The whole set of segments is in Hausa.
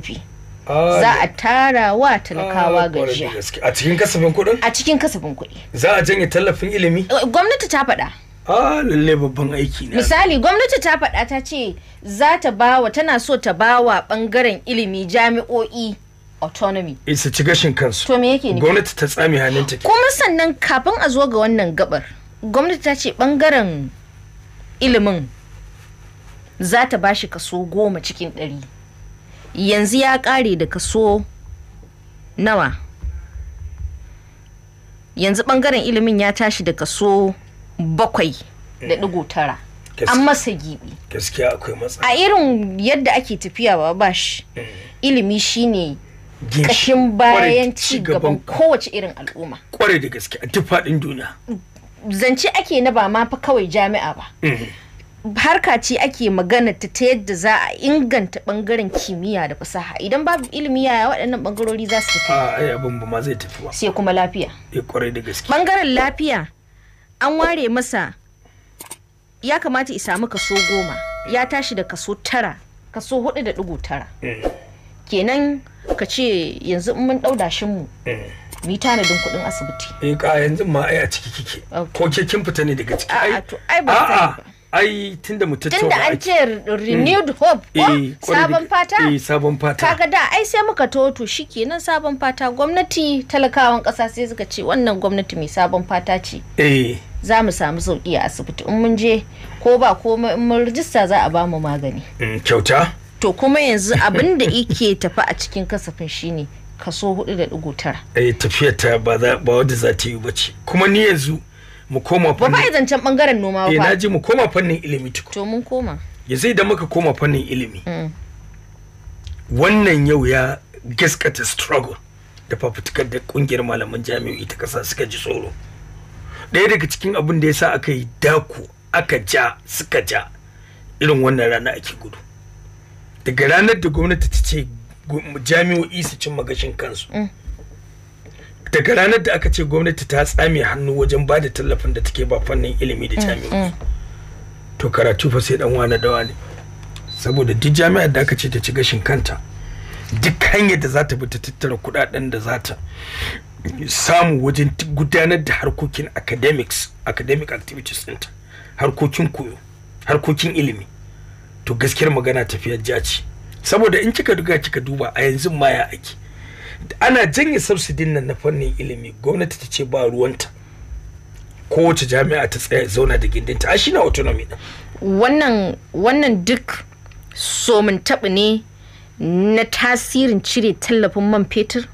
kasafi ah, za a tara wa talakawa ah, gajiya a cikin kasafin kuɗin a cikin kasafin kuɗi za a janye tallafin ilimi eh, gwamnati ta faɗa a ah, lalle babban aiki ne misali gwamnati ta faɗa ta ce za ta bawa tana so ta bawa bangaren ilimi jami'o'i autonomy eh, su ci gashin kansu to me yake ne gwamnati ta hannun hannunta kuma sannan kafin a zo ga wannan gabar gwamnati ta ce bangaren ilimin za ta bashi kaso goma cikin ɗari yanzu ya kare da kaso nawa yanzu bangaren ilimin ya tashi da kaso bakwai da digo eh. tara an masa gibi a irin yadda ake tafiya ba ba shi eh. ilimi shine kashin bayan ci kowace irin al'umma kware da gaske a duniya zance ake na ba ma fa kawai jami'a ba eh. harka ce ake magana ta ta yadda za a inganta bangaren kimiyya da fasaha idan babu ilimi yaya waɗannan bangarori za su tafi a ah, ai abin ba ma zai tafi ba sai kuma lafiya ya eh, kwarai da gaske bangaren lafiya an ware masa ya kamata ya samu kaso goma ya tashi da kaso tara kaso hudu da dugu tara eh. kenan ka ce yanzu mun dauda shin mu eh. mu yi tanadin kuɗin asibiti eh ka yanzu ma ai a ciki kike ko ke kin fita ne daga ciki ai ai ba ai tunda mu tattauna tunda an ce renewed mm. hope ko eh, sabon fata eh sabon fata kaga da ai sai muka toto shikenan sabon fata gwamnati talakawan kasa sai suka ce wannan gwamnati mai sabon fata ce eh za mu samu sauki a asibiti in mun je ko ba ko mun rijista za a ba mu magani mm, kyauta to kuma yanzu abin da yake tafi a cikin kasafin shine kaso 4.9 eh tafiyar ta ba wadda za ta yi ba ce kuma ni yanzu mu koma fannin ba fa zancen bangaren noma ba eh naji mu koma fannin ilimi tuku to mun koma ya sai da muka koma fannin ilimi mm. wannan yau ya gaskata struggle da fafutukar da kungiyar malaman jami'o'i ta kasa suka ji tsoro daya daga cikin abin da yasa sa aka yi dako aka ja suka ja irin wannan rana ake gudu daga ranar da gwamnati ta ce jami'o'i su cin magashin kansu mm. daga ranar da aka ce gwamnati ta tsame hannu wajen ba da tallafin da take ba fannin ilimi da mm, jami'o'i mm. to karatu fa sai dan wani dawa ne saboda duk jami'ar da aka ce ta ci gashin kanta duk hanyar da za ta bi ta tattara kudaden da za ta samu wajen gudanar da harkokin academics academic activities ta harkokin koyo harkokin ilimi to gaskiyar magana tafiyar jaci saboda in kika duga kika duba a yanzu ma ya ake ana janye subsidin nan na fannin ilimi gwamnati ta ce ba ruwanta kowace jami'a ta tsaya zauna da gindinta a shi na autonomy wannan wannan duk somin taɓa ne na tasirin cire tallafin man fetur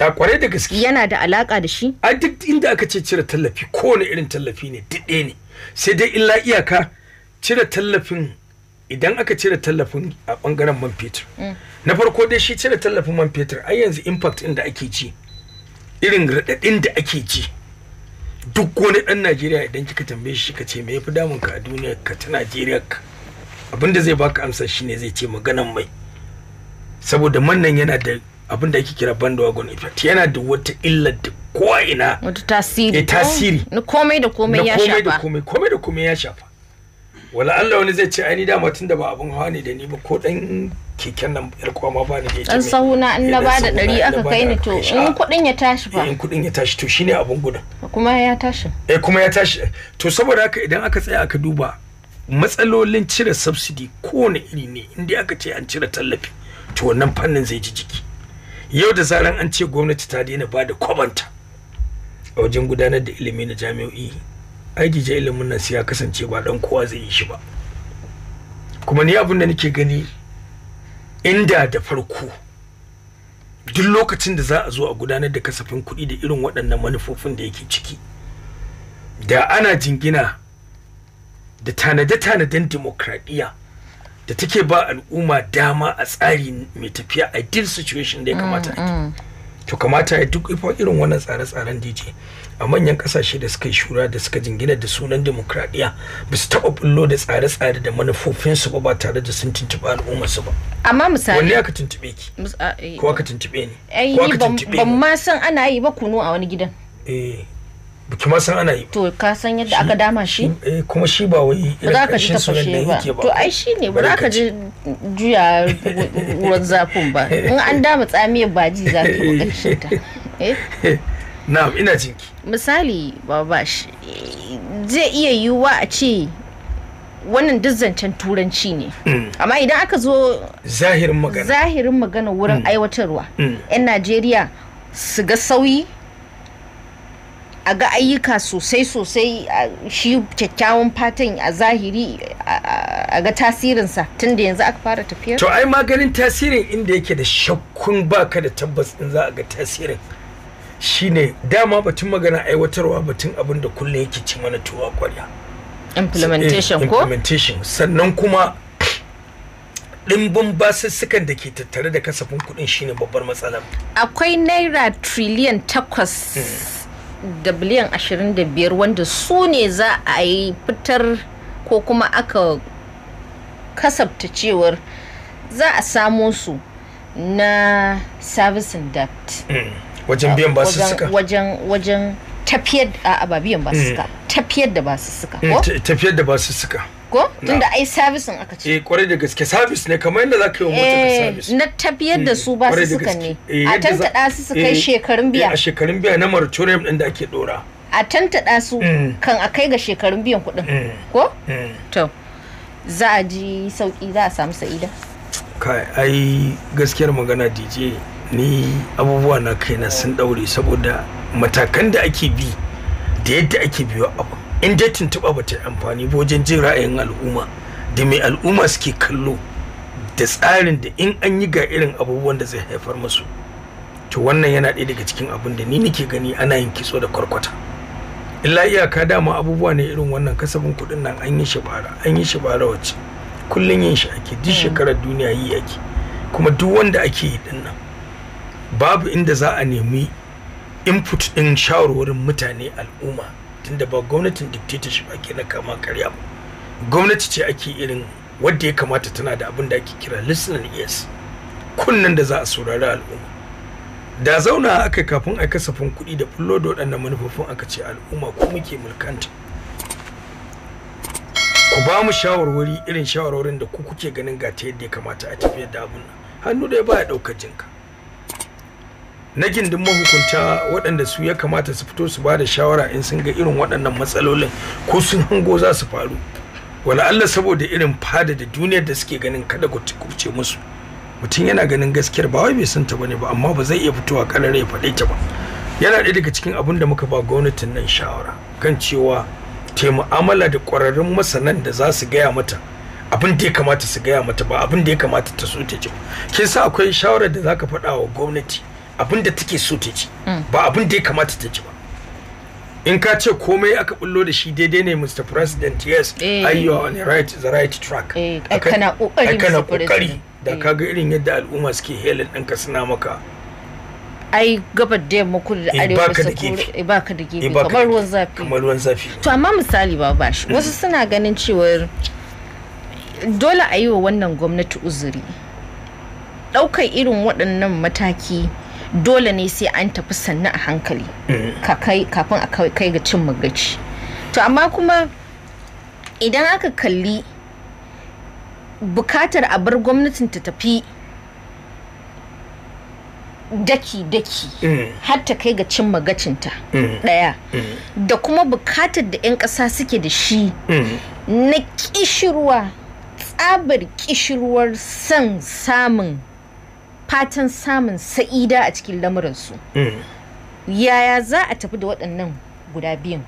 a kwarai da gaske yana da alaka da shi a duk inda aka ce cire tallafi kowane irin tallafi ne duk ne sai dai illa iyaka cire tallafin idan aka cire tallafin a bangaren man fetur mm. na farko dai shi cire tallafin man fetur ai yanzu impact ɗin da ake ci irin raɗaɗin da ake ci duk wani ɗan najeriya idan kika tambaye shi ka ce me yafi damun ka a duniya ka ta najeriya ka abinda zai baka amsa shine zai ce maganan mai saboda man nan yana da abin da ake kira bandwagon effect yana da wata illa da ko'ina wata tasiri eh, tasiri na komai da komai ya shafa komai da komai ya shafa wala Allah wani zai ce ai ni dama tun da ba abun hawa ne da ni ba ko dan keken nan yar kwama ba ni da dan sahuna an na eh, bada dari aka kai ni to eh, in kudin ya tashi ba eh, in kudin ya tashi to shine abun gudun kuma ya tashi eh kuma ya tashi to saboda haka idan aka tsaya aka duba matsalolin cire subsidy kowane iri ne inda aka ce an cire tallafi to wannan fannin zai ji jiki yau da zaran an ce gwamnati ta daina ba da kwabanta a wajen gudanar da ilimi na jami'o'i aiki je ilimin nan sai ya kasance ba dan kowa zai yi shi ba kuma ni abin da nake gani inda da farko duk lokacin da za a zo a gudanar da kasafin kuɗi da irin waɗannan manufofin da yake ciki da ana jingina da tanade-tanaden demokradiyya da take ba al'umma dama a tsari mai tafiya ideal situation da ya kamata mm, mm. to kamata ya duk irin wannan tsare-tsaren da yake a manyan kasashe da suka yi shura da suka jingina da sunan demokradiyya ba su taɓa bullo da tsare-tsare da manufofinsu ba ba tare da sun tuntuɓi su ba amma misali wanne aka tuntuɓe ki eh, ko aka tuntuɓe ni ko aka tuntuɓe ban ma san ana yi ba kuno a wani gidan eh biki ma san ana yi to ka san yadda aka dama shi eh kuma shi ba wai irin za ka ji tafashe ba to ai shi ne ba za ka ji juya ruwan zafin ba in an dama tsamiyar baji za ka yi ta eh? na'am ina jinki misali babash zai iya yiwuwa a ce wannan duk zancen turanci ne mm. amma idan aka zo zahirin magana zahirin magana wurin mm. aiwatarwa mm. 'yan najeriya su ga sauyi a ga ayyuka sosai-sosai shi kyakkyawan fatan a zahiri a ga tasirinsa tun da yanzu aka fara tafiyar to ai maganin tasirin inda yake da shakkun baka da tabbas in za a ga tasirin shine dama batun magana aiwatarwa batun abin da kullum yake ci mana tuwa kwarya implementation eh, ko implementation sannan kuma ɗimbin basussukan da ke tattare da kasafin kudin shine babbar matsala akwai naira triliyan takwas hmm. da biliyan ashirin da biyar wanda su ne za a yi fitar ko kuma aka kasafta cewar za a samo su na servicing debt mm. wajen ah, biyan basu suka wajen wajen tafiyar a ba biyan basu suka mm. tafiyar da basu suka mm, ko tafiyar da basu suka ko tunda ai din aka ce eh kwarai da gaske service ne kamar yadda zaka yi wa mota eh, service na tafiyar da su mm, basu suka ne eh, a tantada su su kai eh, shekarun biya a shekarun biya na moratorium din da ake dora a tantada su kan a kai ga shekarun biyan kuɗin ko to za a ji sauki za a samu sa'ida kai ai gaskiyar magana DJ ni abubuwa na kaina sun daure saboda matakan da ake bi da yadda ake biyo abu in dai tuntuɓa ba ta amfani ba wajen jin ra'ayin al'umma da mai al'umma suke kallo da tsarin da in an yi ga irin abubuwan da zai haifar musu to wannan yana ɗaya daga cikin abin da ni nake gani ana yin kitso da kwarkwata illa iyaka dama abubuwa ne irin wannan kasafin kuɗin nan an yi shi bara an yi shi wacce kullum yin shi ake duk hmm. shekarar duniya yi ake kuma duk wanda ake yi din nan babu inda za a nemi input ɗin shawarwarin mutane al'umma tunda ba gwamnatin dictatorship ake na kama karya ba gwamnati ce ake irin wadda ya kamata tana da abin da ake kira listening ears kunnen da za a saurari al'umma da zauna aka kafin a kasafin kuɗi da fullo da waɗannan manufofin aka ce al'umma ko muke mulkanta ku ba mu shawarwari irin shawarwarin da ku kuke ganin ga ta yadda ya kamata a tafiyar da abin hannu da ya baya ɗaukar jinka na gindin mahukunta waɗanda su ya kamata su fito su ba da shawara in sun ga irin waɗannan matsalolin ko sun hango za su faru wala Allah saboda irin fada da duniyar da suke ganin kada ku kuce musu mutum yana ganin gaskiyar ba wai bai san ta bane ba amma ba zai iya fitowa karare ya faɗe ta ba yana ɗaya daga cikin abin da muka ba gwamnatin nan shawara kan cewa ta mu'amala da ƙwararrun masanan da za su gaya mata abin da ya kamata su gaya mata ba abin da ya kamata ta so ta ji kin sa akwai shawarar da zaka faɗa wa gwamnati abin da take so ta ci mm. ba abin da ya kamata ta ci ba in ka ce komai aka bullo da shi daidai ne mr president yes eh. i you on the right the right track eh, ai kana kokari da eh. kaga irin yadda al'umma suke helin ɗinka suna maka ai gabar da yamma kudu da arewa da sakuri ka da gefe kamar ruwan zafi kamar ruwan zafi to amma misali ba ba shi mm. wasu suna ganin cewar dole a yi wa wannan gwamnati uzuri ɗaukar irin waɗannan mataki dole ne sai an tafi sannu a hankali eh. kafin a kai ga cin magaci to amma kuma idan aka kalli bukatar a bar gwamnatin ta tafi daki-daki eh. har ta kai ga cin magacinta daya eh. da kuma bukatar da 'yan ƙasa suke da shi na kishirwa tsabar kishirwar son samun fatan samun sa'ida a cikin lamuransu mm. yaya za a tafi da waɗannan guda biyun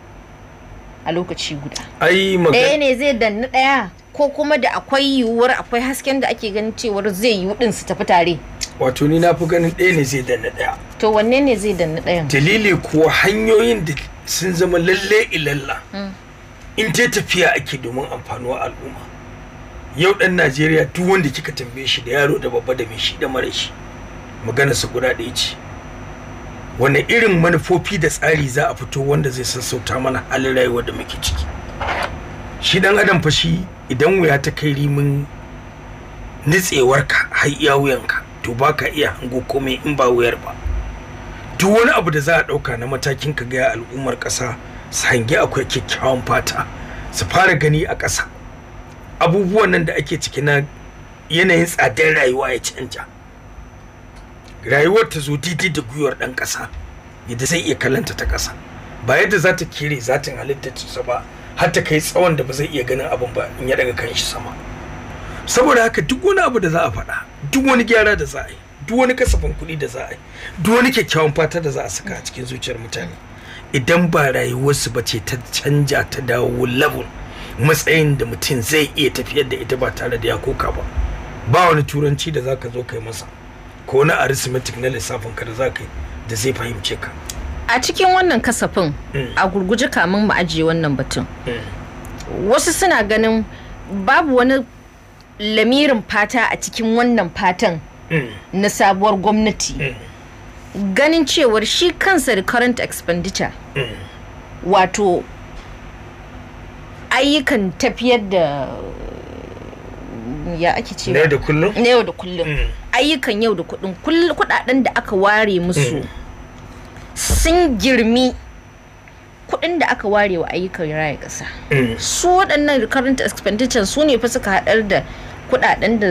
a lokaci guda ɗaya ne zai danna ɗaya ko kuma da akwai yiwuwar akwai hasken da ake ganin cewar zai yi ɗin su tafi tare wato ni na fi ganin ɗaya ne zai danna ɗaya to wanne ne zai danna ɗaya dalili kuwa hanyoyin da sun zama lalle ilalla mm. in ta tafiya ake domin amfanuwa al'umma yau dan najeriya duk wanda kika tambaye shi da yaro da babba da mai shi da mara shi magana su guda ɗaya ce wani irin manufofi da tsari za a fito wanda zai sassauta mana halin rayuwar da muke ciki shi dan adam fa shi idan wuya ta kai rimin nitsewarka har iya wuyanka to baka iya hango komai in ba wuyar ba duk wani abu da za a ɗauka na matakin ka gaya al'ummar ƙasa su hangi akwai kyakkyawan fata su fara gani a ƙasa abubuwan nan da ake ciki na yanayin tsadar rayuwa ya canja rayuwar ta zo didi da gwiwar ɗan ƙasa yadda zai iya kallanta ta ƙasa ba yadda za ta kere zatin halittar ta ba har ta kai tsawon da ba zai iya ganin abin ba in ya daga kan shi sama saboda haka duk wani abu da za a faɗa duk wani gyara da za a yi duk wani kasafin kuɗi da za a yi duk wani kyakkyawan fata da za a saka a cikin zuciyar mutane idan ba rayuwarsu ba ce ta canja ta dawo level matsayin da mutum zai iya tafiyar da ita ba tare da ya koka ba ba wani turanci da zaka zo kai masa ko na arithmetic na lissafin ka da zaka yi da zai fahimce ka a cikin wannan kasafin hmm. a gurguje kamun mu ajiye wannan batun hmm. wasu suna ganin babu wani lamirin fata a cikin wannan fatan hmm. na sabuwar gwamnati ganin cewar shi kansa recurrent expenditure wato ayyukan tafiyar da ya ake ce na yau da kullum na yau da kullum mm. ayyukan yau da kudin kudaden da aka ware musu mm. sun girmi kudin da aka ware wa ayyukan raya kasa mm. su waɗannan current expenditure su ne fa suka haɗar da kudaden da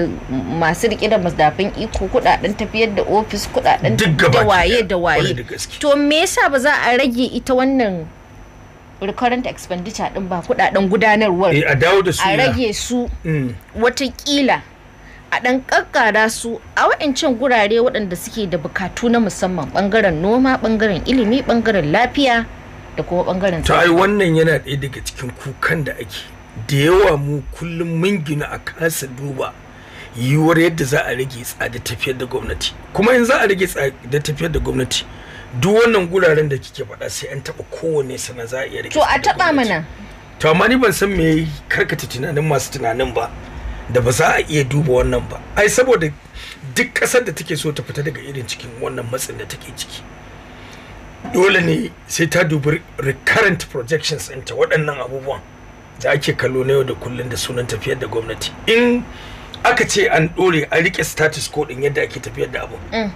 masu riƙe da masdafin iko kudaden tafiyar da ofis kudaden da waye da waye to me yasa ba za a rage ita wannan recurrent expenditure din ba kudaden gudanarwar eh, a rage su mm. watakila a dan kakkara su a wa'ancan gurare waɗanda suke da bukatu na musamman bangaren noma bangaren ilimi bangaren lafiya da kuma bangaren ta ai wannan yana ɗaya daga cikin kukan da ake da yawa mu kullum mun gina a kasa duba yiwuwar yadda za a rage tsada tafiyar da gwamnati kuma in za a rage tsada tafiyar da gwamnati duk wannan guraren da kike faɗa sai an taɓa kowane sana za a iya to a taɓa mana to amma ni ban san me karkata tunanin masu tunanin ba da ba za a iya duba wannan ba ai saboda duk ƙasar da take so ta fita daga irin cikin wannan matsin da take ciki dole ne sai ta dubi recurrent projections ɗinta waɗannan abubuwan da ake kallo na yau da kullum da sunan tafiyar da gwamnati in aka ce an ɗore an rike status ko ɗin yadda ake tafiyar da abu mm.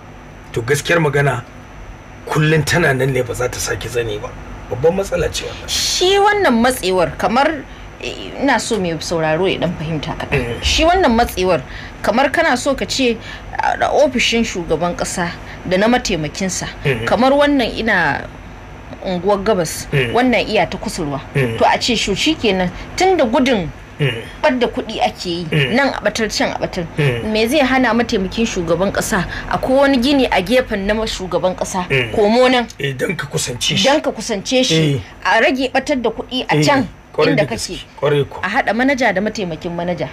to gaskiyar magana kullum tana nan ne ba za ta sake zane ba babban matsala ce wannan shi wannan matsewar kamar ina so mai sauraro ya dan fahimta ka mm. shi wannan matsewar kamar kana so ka ce a ofishin shugaban kasa da na mataimakinsa mm. kamar wannan ina unguwar gabas mm. wannan iya ta kusurwa to a ce shi kenan tun da gudun bar eh. da kuɗi ake yi eh. nan a batar can a batar eh. me zai hana mataimakin shugaban kasa a wani gini a gefen na shugaban kasa komo nan dan ka kusance shi ka a rage batar da kuɗi a can inda kake a hada manaja da mataimakin manaja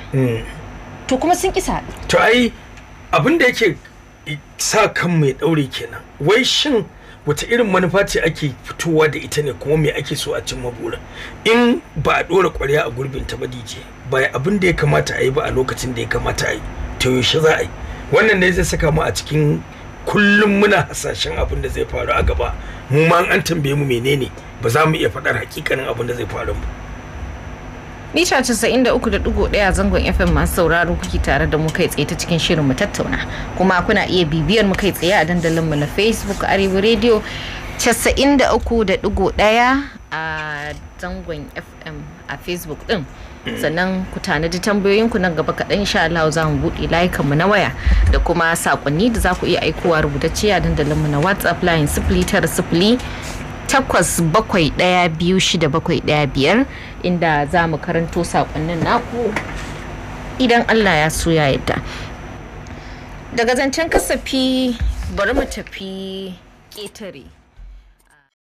to kuma sun kisa to ai abin da yake sa kan mai daure kenan wai shin wace irin manufa ce ake fitowa da ita ne kuma me ake so a cimma burin in ba a ɗora ƙwarya a gurbin ta ba dije ba abin da ya kamata a yi ba a lokacin da ya kamata a yi ta yaushe za a yi wannan ne zai saka mu a cikin kullum muna hasashen abin da zai faru a gaba mu ma an tambaye mu menene ba za mu iya faɗar hakikanin abin da zai faru ba Nisha 93.1 zangon FM masu sauraro kuke tare da mu kai tsaye ta cikin shirin mu tattauna. Kuma kuna iya bibiyar mu kai tsaye a dandalin mu na Facebook Arewa Radio 93.1 a zangon FM a Facebook din. sannan ku tanadi tambayoyin ku nan gaba kaɗan insha Allah za mu buɗe mu na waya da kuma sakonni da za ku iya aikowa rubutacciya dandalin mu na WhatsApp line sifili sifili takwas bakwai ɗaya biyu shida bakwai ɗaya biyar inda za mu karanto saƙonnin naku idan allah ya so ya yadda daga zancen kasafi bari mu tafi ƙetare